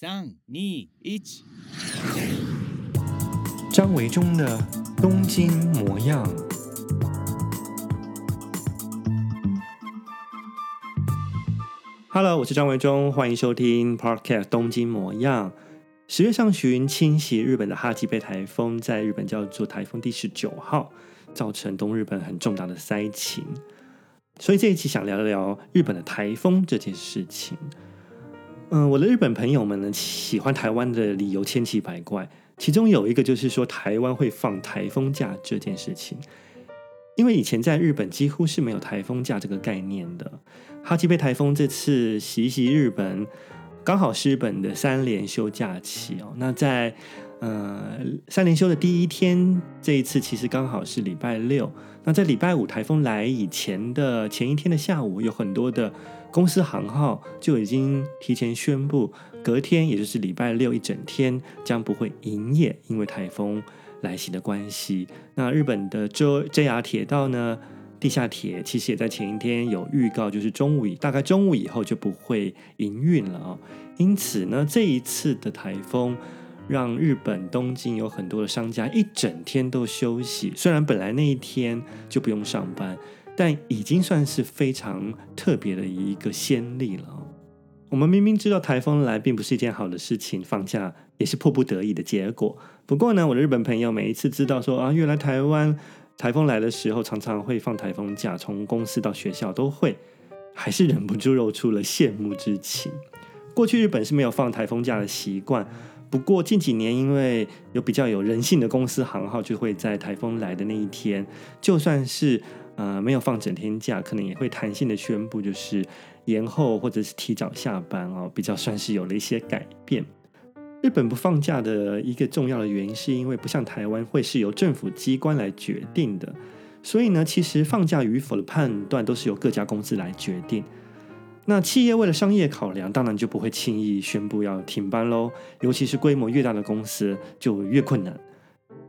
三、二、一。張維中的東京模樣。Hello，我是張維中，歡迎收聽 Podcast《東京模樣》。十月上旬侵襲日本的哈吉貝颱風，在日本叫做颱風第十九號，造成東日本很重大的災情。所以這一期想聊一聊日本的颱風這件事情。嗯，我的日本朋友們呢，喜歡台灣的理由千奇百怪，其中有一個就是說台灣會放台風假這件事情，因為以前在日本幾乎是沒有台風假這個概念的，哈吉貝台風這次襲襲日本，剛好是日本的三連休假期哦，那在。呃，三連休的第一天，這一次其實剛好是禮拜六。那在禮拜五台風來以前的前一天的下午，有很多的公司行號就已經提前宣布，隔天也就是禮拜六一整天將不會營業，因為台風來襲的關係。那日本的 JR 鐵道呢，地下鐵其實也在前一天有預告，就是中午以大概中午以後就不會營運了啊、哦。因此呢，這一次的台風。讓日本東京有很多的商家一整天都休息，雖然本來那一天就不用上班，但已經算是非常特別的一個先例了。我們明明知道台風來並不是一件好的事情，放假也是迫不得已的結果。不過呢，我的日本朋友每一次知道說啊，原來台灣台風來的時候，常常會放台風假，從公司到學校都會，還是忍不住露出了羨慕之情。過去日本是沒有放台風假的習慣。不過近幾年，因為有比較有人性的公司行號，就會在台風來的那一天，就算是呃沒有放整天假，可能也會彈性的宣布，就是延後或者是提早下班哦，比較算是有了一些改變。日本不放假的一個重要的原因，是因為不像台灣會是由政府機關來決定的，所以呢，其實放假與否的判斷都是由各家公司來決定。那企業為了商業考量，當然就不會輕易宣布要停班嘍。尤其是規模越大的公司，就越困難。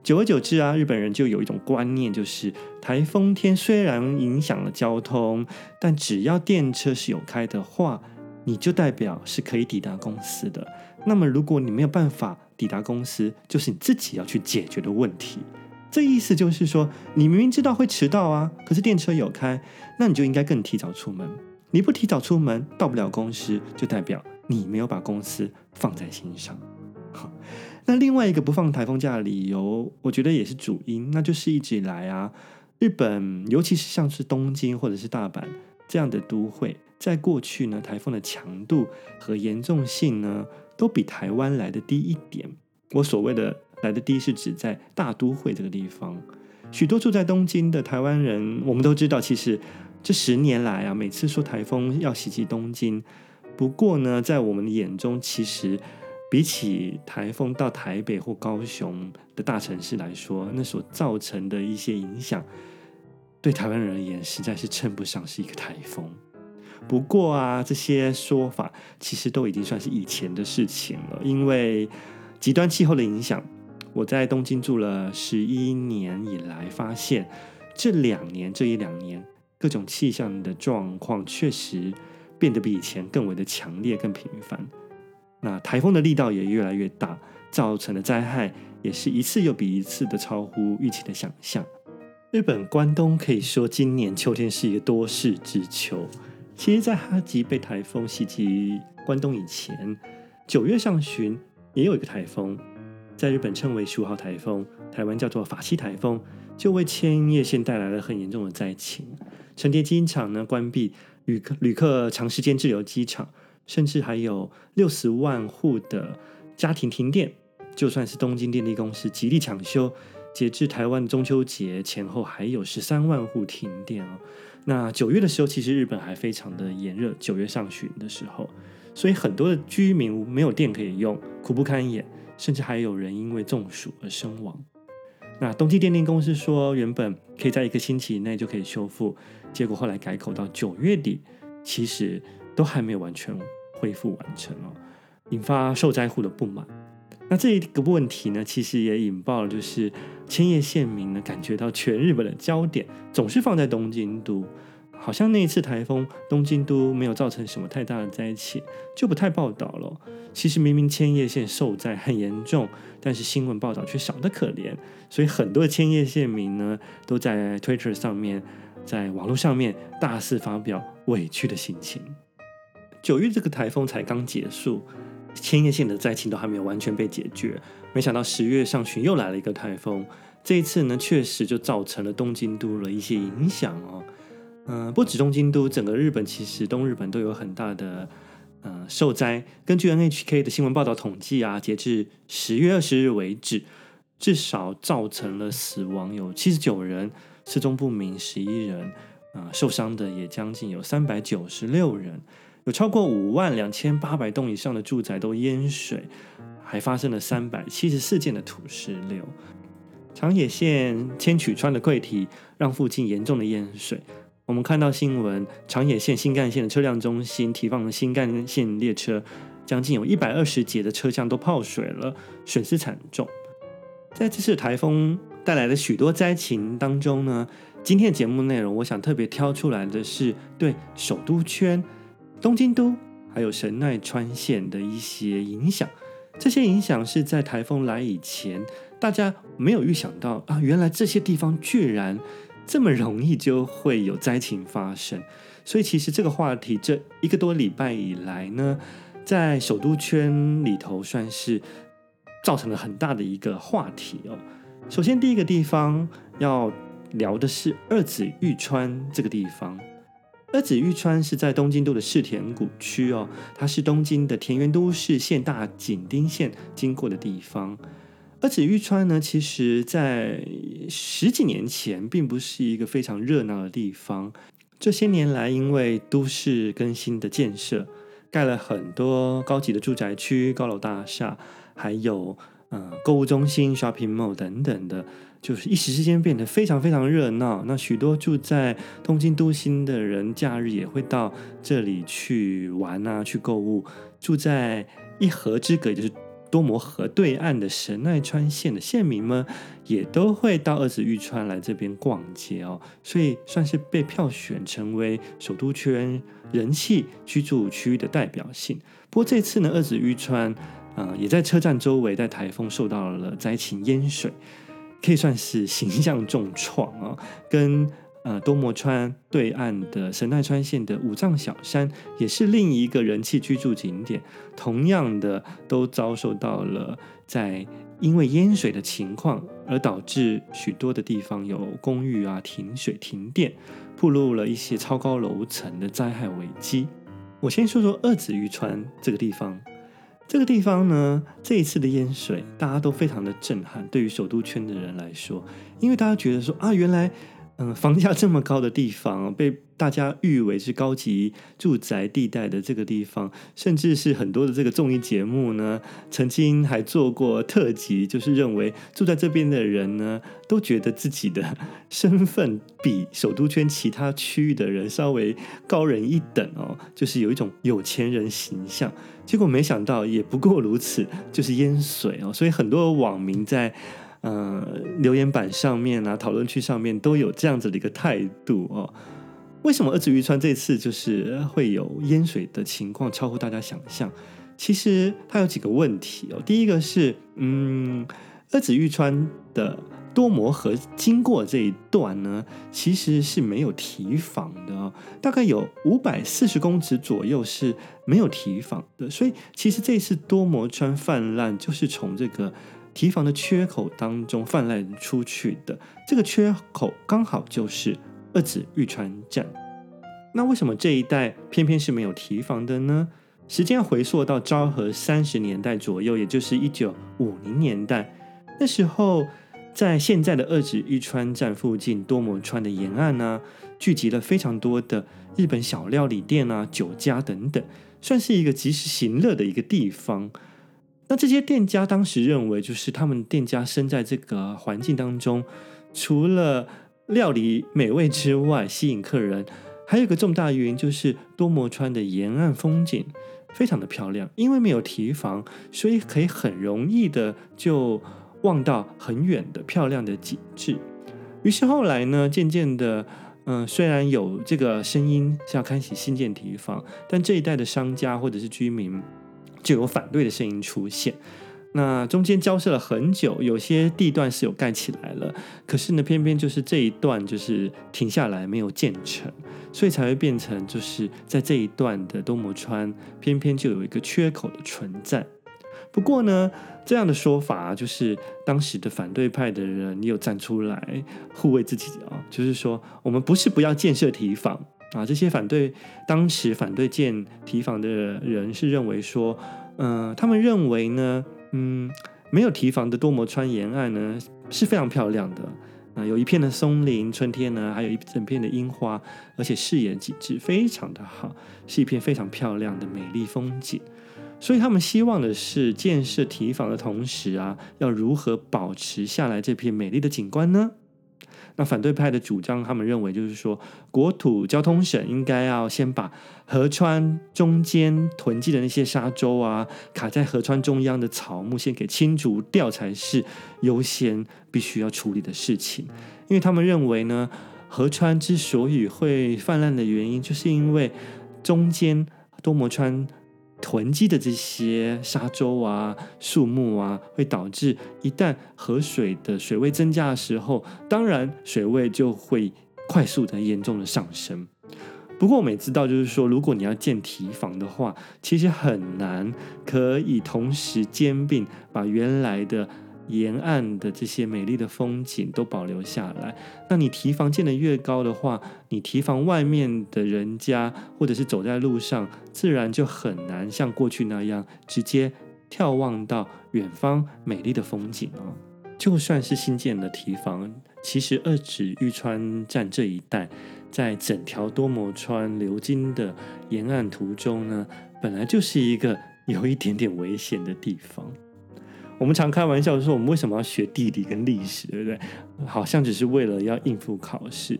久而久之啊，日本人就有一種觀念，就是台風天雖然影響了交通，但只要電車是有開的話，你就代表是可以抵達公司的。那麼，如果你沒有辦法抵達公司，就是你自己要去解決的問題。這意思就是說，你明明知道會遲到啊，可是電車有開，那你就應該更提早出門。你不提早出門到不了公司，就代表你沒有把公司放在心上。那另外一個不放台風假的理由，我覺得也是主因，那就是一直以來啊。日本尤其是像是東京或者是大阪這樣的都會，在過去呢，台風的強度和嚴重性呢，都比台灣來的低一點。我所謂的來的低，是指在大都會這個地方，許多住在東京的台灣人，我們都知道其實。這十年來啊，每次說台風要襲擊東京，不過呢，在我們的眼中，其實比起台風到台北或高雄的大城市來說，那所造成的一些影響，對台灣人而言，實在是稱不上是一個台風。不過啊，這些說法其實都已經算是以前的事情了。因為極端氣候的影響，我在東京住了十一年以來，發現這兩年，這一兩年。各種氣象的狀況確實變得比以前更為的強烈、更頻繁。那台風的力道也越來越大，造成的災害也是一次又比一次的超乎預期的想象日本關東可以說今年秋天是一個多事之秋。其實，在哈吉被台風襲擊關東以前，九月上旬也有一個台風，在日本稱為“十五號台風”，台灣叫做法西台風，就為千葉縣帶來了很嚴重的災情。成田機場呢，關閉，旅客、旅客長時間滯留機場，甚至還有六十萬戶的家庭停電。就算是東京電力公司極力搶修，截至台灣中秋節前後，還有十三萬戶停電哦。那九月的時候，其實日本還非常的炎熱，九月上旬的時候，所以很多的居民沒有電可以用，苦不堪言，甚至還有人因為中暑而身亡。那東京電力公司說，原本可以在一個星期以內就可以修復。結果後來改口到九月底，其實都還沒有完全恢復完成哦，引發受災戶的不滿。那這一個問題呢，其實也引爆了，就是千葉縣民呢感覺到全日本的焦點總是放在東京都，好像那一次台風東京都沒有造成什麼太大的災情，就不太報道了。其實明明千葉縣受災很嚴重，但是新聞報道卻少得可憐，所以很多千葉縣民呢都在 Twitter 上面。在網絡上面大肆發表委屈的心情。九月這個台風才剛結束，千葉縣的災情都還沒有完全被解決，沒想到十月上旬又來了一個台風。這一次呢，確實就造成了東京都了一些影響哦。嗯、呃，不止東京都，整個日本其實東日本都有很大的嗯、呃、受災。根據 NHK 的新聞報道統計啊，截至十月二十日為止，至少造成了死亡有七十九人。失蹤不明十一人，啊、呃，受傷的也將近有三百九十六人，有超過五萬兩千八百棟以上的住宅都淹水，還發生了三百七十四件的土石流。長野縣千曲川的潰堤讓附近嚴重的淹水。我們看到新聞，長野縣新幹線的車輛中心停放的新幹線列車，將近有一百二十節的車廂都泡水了，損失慘重。在這次台風帶來的許多災情當中呢，今天的節目內容，我想特別挑出來的是對首都圈、東京都還有神奈川縣的一些影響。這些影響是在台風來以前，大家沒有預想到啊，原來這些地方居然這麼容易就會有災情發生。所以，其實這個話題這一個多禮拜以來呢，在首都圈裡頭算是造成了很大的一個話題哦。首先，第一個地方要聊的是二子玉川這個地方。二子玉川是在東京都的世田谷區哦，它是東京的田園都市線大井町線經過的地方。二子玉川呢，其實在十幾年前並不是一個非常熱鬧的地方。這些年來，因為都市更新的建設，蓋了很多高級的住宅區、高樓大廈，還有。嗯，購物中心、shopping mall 等等的，就是一時之間變得非常非常熱鬧。那許多住在東京都心的人，假日也會到這裡去玩啊，去購物。住在一河之隔，就是多摩川對岸的神奈川縣的縣民們，也都會到二子玉川來這邊逛街哦。所以算是被票選成為首都圈人氣居住區域的代表性。不過這次呢，二子玉川。呃、也在車站周圍，在颱風受到了災情淹水，可以算是形象重創啊、哦。跟呃多摩川對岸的神奈川縣的武藏小山，也是另一個人氣居住景點，同樣的都遭受到了在因為淹水的情況，而導致許多的地方有公寓啊，停水停電，暴露了一些超高樓層的災害危機。我先說說二子玉川這個地方。這個地方呢，這一次的淹水，大家都非常的震撼。對於首都圈的人來說，因為大家覺得說啊，原來。嗯，房價這麼高的地方，被大家譽為是高級住宅地帶的這個地方，甚至是很多的這個綜藝節目呢，曾經還做過特輯，就是認為住在這邊的人呢，都覺得自己的身份比首都圈其他區域的人稍微高人一等哦，就是有一種有錢人形象。結果沒想到也不過如此，就是淹水哦，所以很多網民在。呃，留言板上面啊，討論區上面都有這樣子的一個態度哦。為什麼二子玉川這次就是會有淹水的情況，超乎大家想象其實它有幾個問題哦。第一個是，嗯，二子玉川的多摩河經過這一段呢，其實是沒有提防的，哦，大概有五百四十公尺左右是沒有堤防的。所以，其實這次多摩川泛濫就是從這個。堤防的缺口當中氾濫出去的，這個缺口，剛好就是二子玉川站。那為什麼這一帶偏偏是沒有堤防的呢？時間回溯到昭和三十年代左右，也就是一九五零年代。那時候在現在的二子玉川站附近多摩川的沿岸呢，啊，聚集了非常多的日本小料理店啊、酒家等等，算是一個及時行樂的一個地方。那這些店家當時認為，就是他們店家身在這個環境當中，除了料理美味之外，吸引客人還有一個重大原因，就是多摩川的沿岸風景非常的漂亮。因為沒有堤防，所以可以很容易的就望到很遠的漂亮的景致。於是後來呢，漸漸的，嗯、呃，雖然有這個聲音是要開始新建堤防，但這一帶的商家或者是居民，就有反對的聲音出現，那中間交涉了很久，有些地段是有蓋起來了，可是呢，偏偏就是這一段就是停下來沒有建成，所以才會變成就是在這一段的多摩川，偏偏就有一個缺口的存在。不過呢，這樣的說法就是當時的反對派的人，你有站出來護衛自己啊、哦，就是說我們不是不要建設堤防。啊，這些反對當時反對建堤防的人是認為說，嗯、呃，他們認為呢，嗯，沒有堤防的多摩川沿岸呢是非常漂亮的，啊、呃，有一片的松林，春天呢還有一整片的櫻花，而且視野景緻非常的好，是一片非常漂亮的美麗風景。所以他們希望的是建設堤防的同時啊，要如何保持下來這片美麗的景觀呢？那反對派的主張，他們認為就是說，國土交通省應該要先把河川中間囤積的那些沙洲啊，卡在河川中央的草木先給清除掉，才是優先必須要處理的事情。因為他們認為呢，河川之所以會氾濫的原因，就是因為中間多摩川。囤積的這些沙洲啊、樹木啊，會導致一旦河水的水位增加的時候，當然水位就會快速的、嚴重的上升。不過我們也知道，就是說，如果你要建堤防的話，其實很難可以同時兼併把原來的。沿岸的這些美麗的風景都保留下來。那你堤防建的越高的話，你堤防外面的人家，或者是走在路上，自然就很難像過去那樣直接眺望到遠方美麗的風景啊、哦，就算是新建的堤防，其實二子玉川站這一帶，在整條多摩川流經的沿岸途中呢，本來就是一個有一點點危險的地方。我們常開玩笑說，我們為什麼要學地理跟歷史，對不對？好像只是為了要應付考試。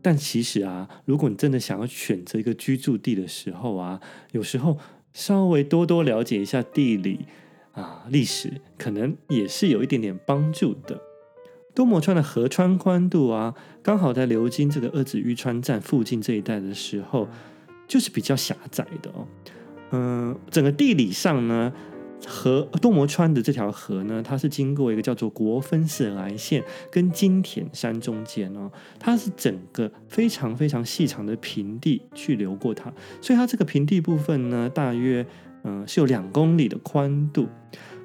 但其實啊，如果你真的想要選擇一個居住地的時候啊，有時候稍微多多了解一下地理啊、歷史，可能也是有一點點幫助的。多摩川的河川寬度啊，剛好在流經這個二子玉川站附近這一帶的時候，就是比較狹窄的哦。嗯，整個地理上呢。河多摩川的這條河呢，它是經過一個叫做國分寺來線跟金田山中間哦，它是整個非常非常細長的平地去流過它，所以它這個平地部分呢，大約嗯、呃、是有兩公里的寬度。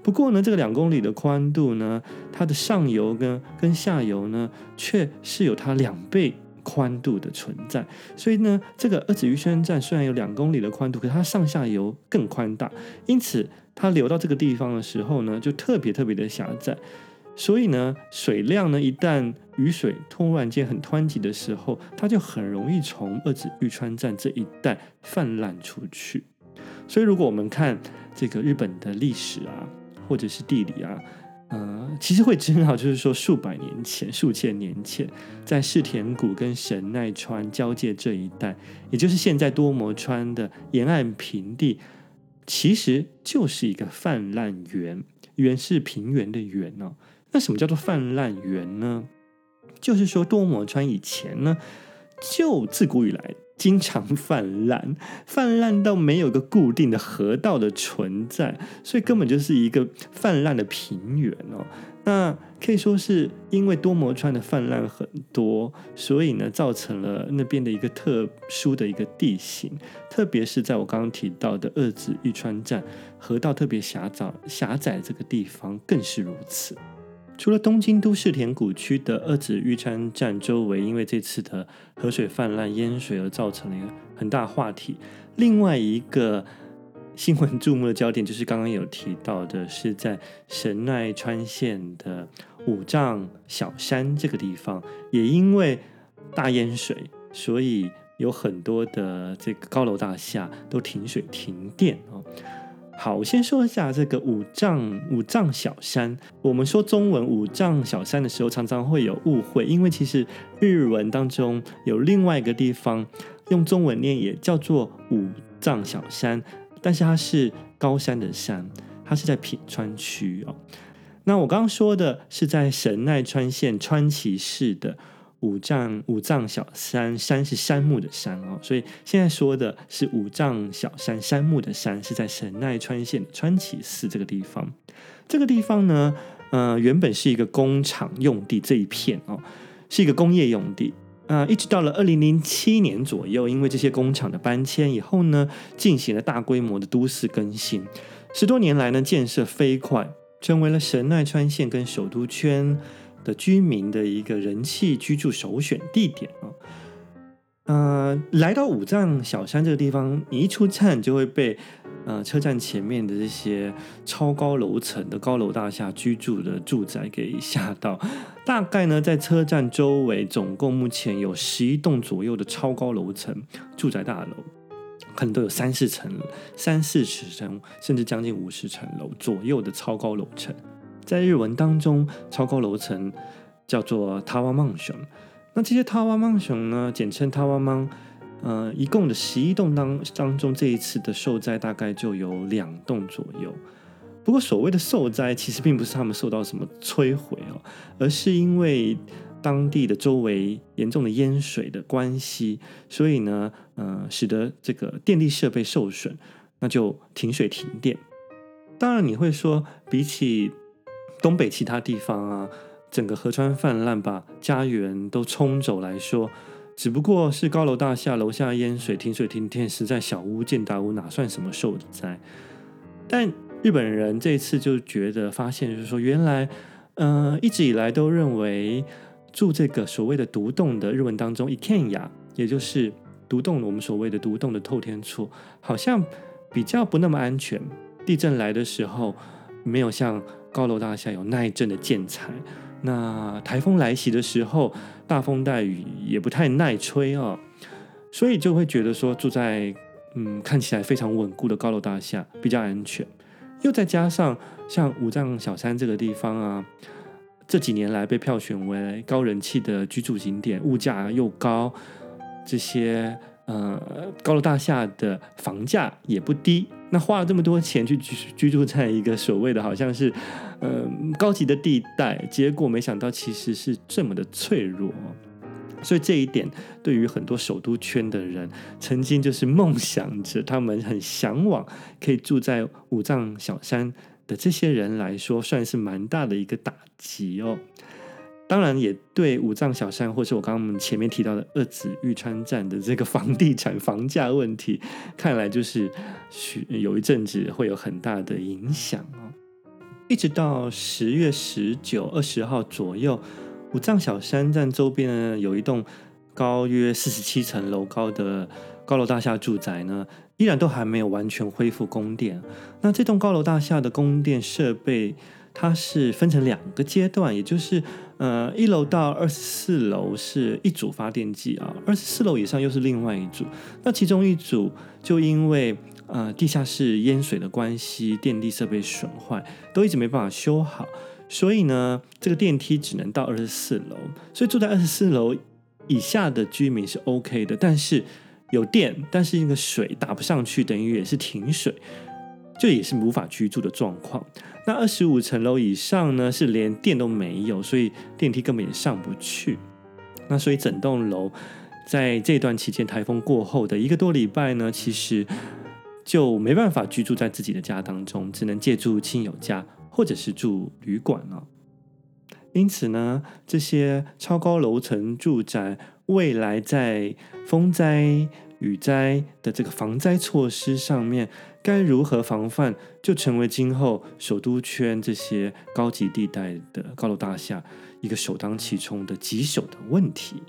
不過呢，這個兩公里的寬度呢，它的上游跟跟下游呢卻是有它兩倍寬度的存在。所以呢，這個二子玉川站雖然有兩公里的寬度，可是它上下游更寬大，因此。它流到這個地方的時候呢，就特別特別的狹窄，所以呢，水量呢一旦雨水突然間很湍急的時候，它就很容易從二子玉川站這一帶氾濫出去。所以，如果我們看這個日本的歷史啊，或者是地理啊，呃，其實會知道，就是說數百年前、數千年前，在世田谷跟神奈川交界這一帶，也就是現在多摩川的沿岸平地。其實就是一個氾濫原，原是平原的原呢、哦。那什麼叫做氾濫原呢？就是說，多摩川以前呢，就自古以來經常氾濫，氾濫到沒有個固定的河道的存在，所以根本就是一個氾濫的平原哦。那可以說是因為多摩川的氾濫很多，所以呢，造成了那邊的一個特殊的一個地形，特別是在我剛剛提到的二子玉川站，河道特別狹窄，狹窄這個地方更是如此。除了東京都世田谷區的二子玉川站周圍，因為這次的河水泛濫淹水而造成了一個很大話題，另外一個。新聞注目的焦點就是剛剛有提到的，是在神奈川縣的武藏小杉這個地方，也因為大淹水，所以有很多的這個高樓大廈都停水停電哦。好，我先說一下這個武藏、武藏小杉。我們說中文武藏小杉的時候，常常會有誤會，因為其實日文當中有另外一個地方，用中文念也叫做武藏小山。但是它是高山的山，它是在品川區哦。那我剛剛說的是在神奈川縣川崎市的五丈五丈小杉，杉是杉木的杉哦，所以現在說的是五丈小杉，杉木的杉是在神奈川縣的川崎市這個地方。這個地方呢，呃，原本是一個工廠用地這一片哦，是一個工業用地。啊、呃，一直到了二零零七年左右，因為這些工廠的搬遷以後呢，進行了大規模的都市更新。十多年來呢，建設飛快，成為了神奈川縣跟首都圈的居民的一個人氣居住首選地點啊。啊、呃，來到武藏小山這個地方，你一出站就會被。呃，車站前面的這些超高樓層的高樓大廈居住的住宅給嚇到。大概呢，在車站周圍總共目前有十一棟左右的超高樓層住宅大樓，可能都有三四層、三四十層，甚至將近五十層樓左右的超高樓層。在日文當中，超高樓層叫做タワーマンション，那這些タワーマンション呢，簡稱タワマン。呃，一共的十一棟當當中，這一次的受災大概就有兩棟左右。不過，所謂的受災，其實並不是他們受到什麼摧毀哦，而是因為當地的周圍嚴重的淹水的關係，所以呢，呃，使得這個電力設備受損，那就停水停電。當然，你會說，比起東北其他地方啊，整個河川氾濫把家園都沖走來說。只不過是高樓大廈，樓下淹水、停水、停電，實在小屋見大屋哪，哪算什麼受災？但日本人這一次就覺得發現，就是說，原來，嗯、呃，一直以來都認為住這個所謂的獨棟的，日文當中一戸建也就是獨棟，我們所謂的獨棟的透天厝，好像比較不那麼安全。地震來的時候，沒有像高樓大廈有耐震的建材。那颱風來襲的時候，大風大雨也不太耐吹啊、哦，所以就會覺得說住在嗯看起來非常穩固的高樓大廈比較安全，又再加上像武藏小山這個地方啊，這幾年來被票選為高人氣的居住景點，物價又高，這些呃高樓大廈的房價也不低。那花了這麼多錢去居住在一個所謂的好像是，嗯、呃、高級的地帶，結果沒想到其實是這麼的脆弱，所以這一點對於很多首都圈的人，曾經就是夢想着他們很向往可以住在武藏小山的這些人來說，算是蠻大的一個打擊哦。當然，也對武藏小山，或是我剛剛前面提到的二子玉川站的這個房地產房價問題，看來就是有一陣子會有很大的影響哦。一直到十月十九、二十號左右，武藏小山站周邊呢，有一棟高約四十七層樓高的高樓大廈住宅呢，依然都還沒有完全恢復供電。那這棟高樓大廈的供電設備。它是分成兩個階段，也就是，呃，一樓到二十四樓是一組發電機啊，二十四樓以上又是另外一組。那其中一組就因為呃地下室淹水的關係，電力設備損壞，都一直沒辦法修好，所以呢，這個電梯只能到二十四樓。所以住在二十四樓以下的居民是 OK 的，但是有電，但是那個水打不上去，等於也是停水。這也是無法居住的狀況。那二十五層樓以上呢，是連電都沒有，所以電梯根本也上不去。那所以整棟樓在這段期間颱風過後的一個多禮拜呢，其實就沒辦法居住在自己的家當中，只能借住親友家或者是住旅館了。因此呢，這些超高樓層住宅未來在風災。雨災的這個防災措施上面該如何防範，就成為今後首都圈這些高級地帶的高樓大廈一個首當其衝的棘手的問題。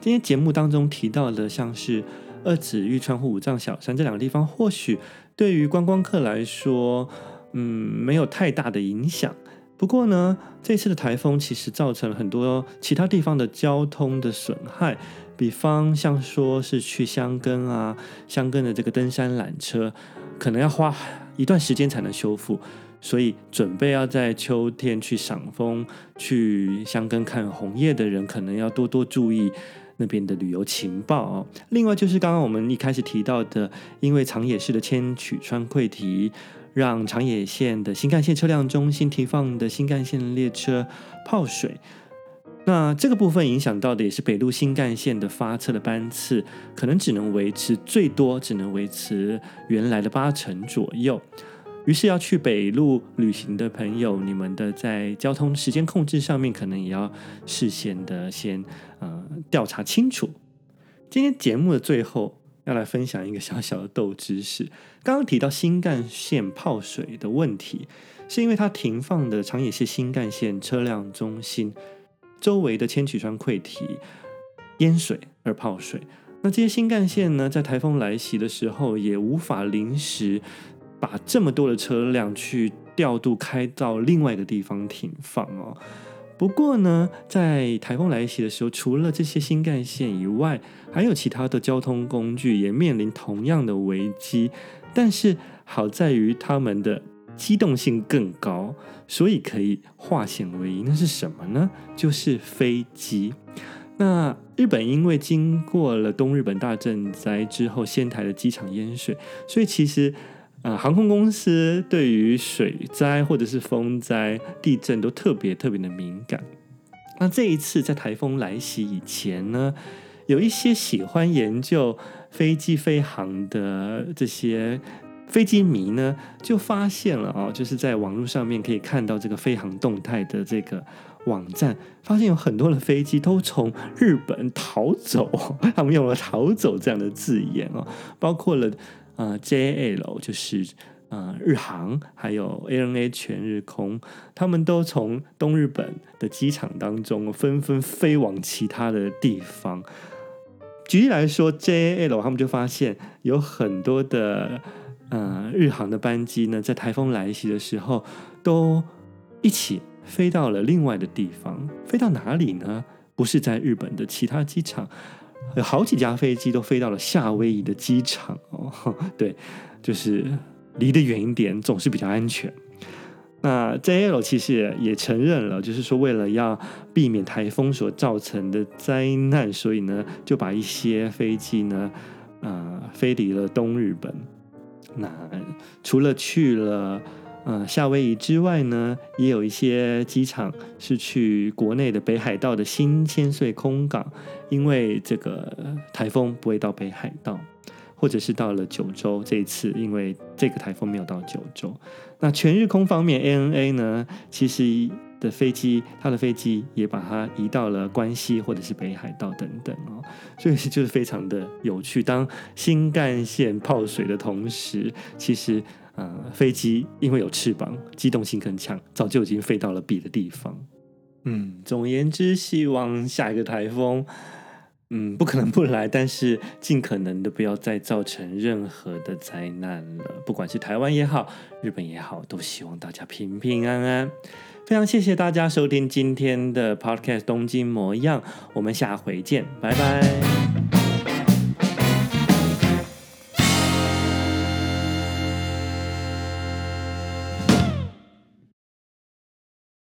今天節目當中提到的像是二子玉川和武藏小山這兩個地方，或許對於觀光客來說，嗯，沒有太大的影響。不過呢，這次的台風其實造成了很多其他地方的交通的損害，比方像說是去箱根啊，箱根的這個登山纜車可能要花一段時間才能修復，所以準備要在秋天去賞楓、去箱根看紅葉的人，可能要多多注意那邊的旅遊情報哦。另外就是剛剛我們一開始提到的，因為長野市的千曲川潰堤，讓長野縣的新幹線車輛中心停放的新幹線列車泡水，那這個部分影響到的也是北陸新幹線的發車的班次，可能只能維持最多只能維持原來的八成左右。於是要去北陸旅行的朋友，你們的在交通時間控制上面可能也要事先的先呃調查清楚。今天節目的最後。要來分享一個小小的豆知識。剛剛提到新幹線泡水的問題，是因為它停放的長野市新幹線車輛中心周圍的千曲川潰堤淹水而泡水。那這些新幹線呢，在台風來襲的時候，也無法臨時把這麼多的車輛去調度開到另外一個地方停放哦。不過呢，在台風來襲的時候，除了這些新幹線以外，還有其他的交通工具也面臨同樣的危機。但是好在於它們的機動性更高，所以可以化險為夷。那是什麼呢？就是飛機。那日本因為經過了東日本大震災之後，仙台的機場淹水，所以其實。啊、呃，航空公司對於水災或者是風災、地震都特別特別的敏感。那這一次在颱風來襲以前呢，有一些喜歡研究飛機飛行的這些飛機迷呢，就發現了啊、哦，就是在網絡上面可以看到這個飛航動態的這個網站，發現有很多的飛機都從日本逃走，他們用了“逃走”這樣的字眼啊、哦，包括了。啊、呃、JAL 就是啊、呃，日航還有 ANA 全日空，他們都從東日本的機場當中紛紛飛往其他的地方。舉例來說，JAL 他們就發現有很多的啊、呃，日航的班機呢，在颱風來襲的時候都一起飛到了另外的地方。飛到哪裡呢？不是在日本的其他機場。有、呃、好幾架飛機都飛到了夏威夷的機場哦，對，就是離得遠一點總是比較安全。那 JAL 其實也承認了，就是說為了要避免颱風所造成的災難，所以呢就把一些飛機呢、呃，飛離了東日本。那除了去了。呃、嗯，夏威夷之外呢，也有一些機場是去國內的北海道的新千歲空港，因為這個颱風不會到北海道，或者是到了九州。這一次，因為這個颱風沒有到九州，那全日空方面 ANA 呢，其實的飛機，它的飛機也把它移到了關西或者是北海道等等哦，所以就是非常的有趣。當新幹線泡水的同時，其實。嗯，飛機因為有翅膀，機動性更強，早就已經飛到了別的地方。嗯，總而言之，希望下一個台風，嗯，不可能不來，但是盡可能的不要再造成任何的災難了。不管是台灣也好，日本也好，都希望大家平平安安。非常謝謝大家收聽今天的 Podcast《東京模樣》，我們下回見，拜拜。